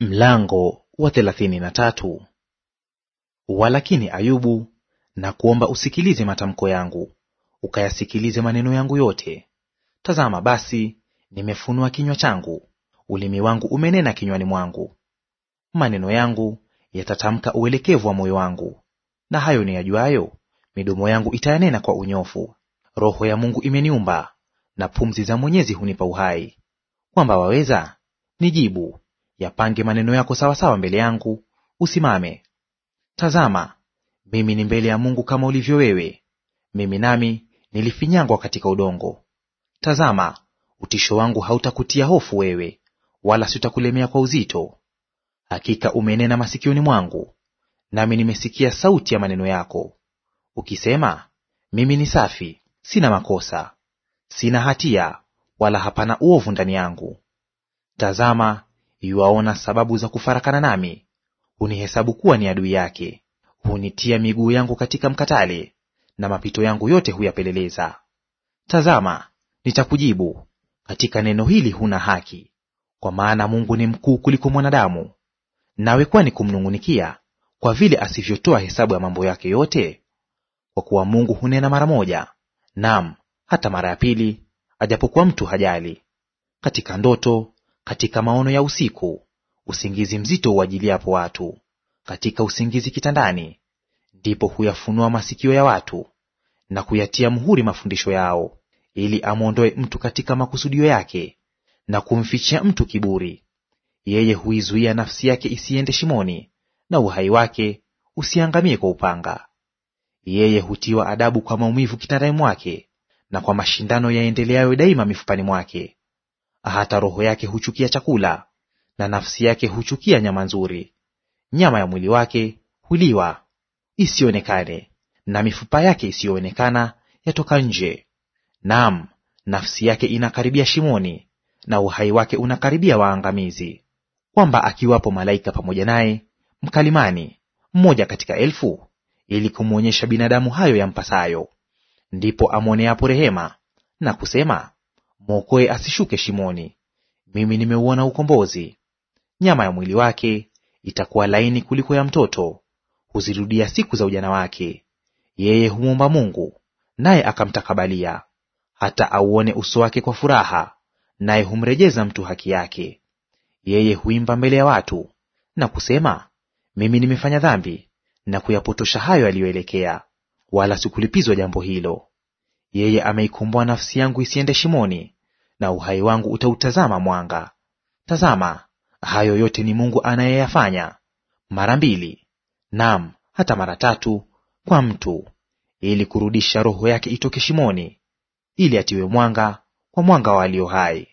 Mlango wa thelathini na tatu. Walakini Ayubu na kuomba usikilize matamko yangu, ukayasikilize maneno yangu yote. Tazama basi, nimefunua kinywa changu, ulimi wangu umenena kinywani mwangu. Maneno yangu yatatamka uelekevu wa moyo wangu, na hayo ni yajuayo midomo yangu itayanena kwa unyofu. Roho ya Mungu imeniumba, na pumzi za Mwenyezi hunipa uhai. Kwamba waweza nijibu Yapange maneno yako sawasawa mbele yangu, usimame. Tazama, mimi ni mbele ya Mungu kama ulivyo wewe, mimi nami nilifinyangwa katika udongo. Tazama, utisho wangu hautakutia hofu wewe, wala sitakulemea kwa uzito. Hakika umenena masikioni mwangu, nami nimesikia sauti ya maneno yako, ukisema, mimi ni safi, sina makosa, sina hatia, wala hapana uovu ndani yangu. Tazama, yuwaona sababu za kufarakana nami, hunihesabu kuwa ni adui yake. Hunitia miguu yangu katika mkatale, na mapito yangu yote huyapeleleza. Tazama, nitakujibu katika neno hili huna haki, kwa maana Mungu ni mkuu kuliko mwanadamu. Nawe kwani kumnung'unikia kwa vile asivyotoa hesabu ya mambo yake yote? Kwa kuwa Mungu hunena mara moja, naam hata mara ya pili, ajapokuwa mtu hajali. Katika ndoto katika maono ya usiku, usingizi mzito uajiliapo watu, katika usingizi kitandani, ndipo huyafunua masikio ya watu na kuyatia mhuri mafundisho yao, ili amwondoe mtu katika makusudio yake na kumfichia mtu kiburi. Yeye huizuia nafsi yake isiende shimoni, na uhai wake usiangamie kwa upanga. Yeye hutiwa adabu kwa maumivu kitandani mwake, na kwa mashindano yaendeleayo daima mifupani mwake hata roho yake huchukia chakula, na nafsi yake huchukia nyama nzuri. Nyama ya mwili wake huliwa isionekane, na mifupa yake isiyoonekana yatoka nje. Naam, nafsi yake inakaribia shimoni, na uhai wake unakaribia waangamizi. Kwamba akiwapo malaika pamoja naye mkalimani, mmoja katika elfu, ili kumwonyesha binadamu hayo yampasayo, ndipo amwoneapo rehema na kusema mwokoe asishuke shimoni. Mimi nimeuona ukombozi. Nyama ya mwili wake itakuwa laini kuliko ya mtoto, huzirudia siku za ujana wake. Yeye humwomba Mungu, naye akamtakabalia. Hata auone uso wake kwa furaha, naye humrejeza mtu haki yake. Yeye huimba mbele ya watu na kusema, mimi nimefanya dhambi na kuyapotosha hayo yaliyoelekea, wala sikulipizwa jambo hilo. Yeye ameikomboa nafsi yangu isiende shimoni, na uhai wangu utautazama mwanga. Tazama, hayo yote ni Mungu anayeyafanya mara mbili, naam, hata mara tatu kwa mtu, ili kurudisha roho yake itoke shimoni, ili atiwe mwanga kwa mwanga wa walio hai.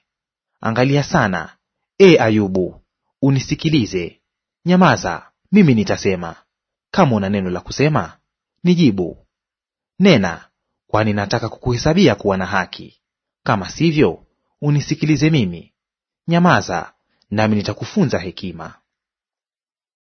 Angalia sana, e Ayubu, unisikilize; nyamaza, mimi nitasema. Kama una neno la kusema, nijibu; nena, kwani nataka kukuhesabia kuwa na haki. Kama sivyo, unisikilize mimi; nyamaza, nami nitakufunza hekima.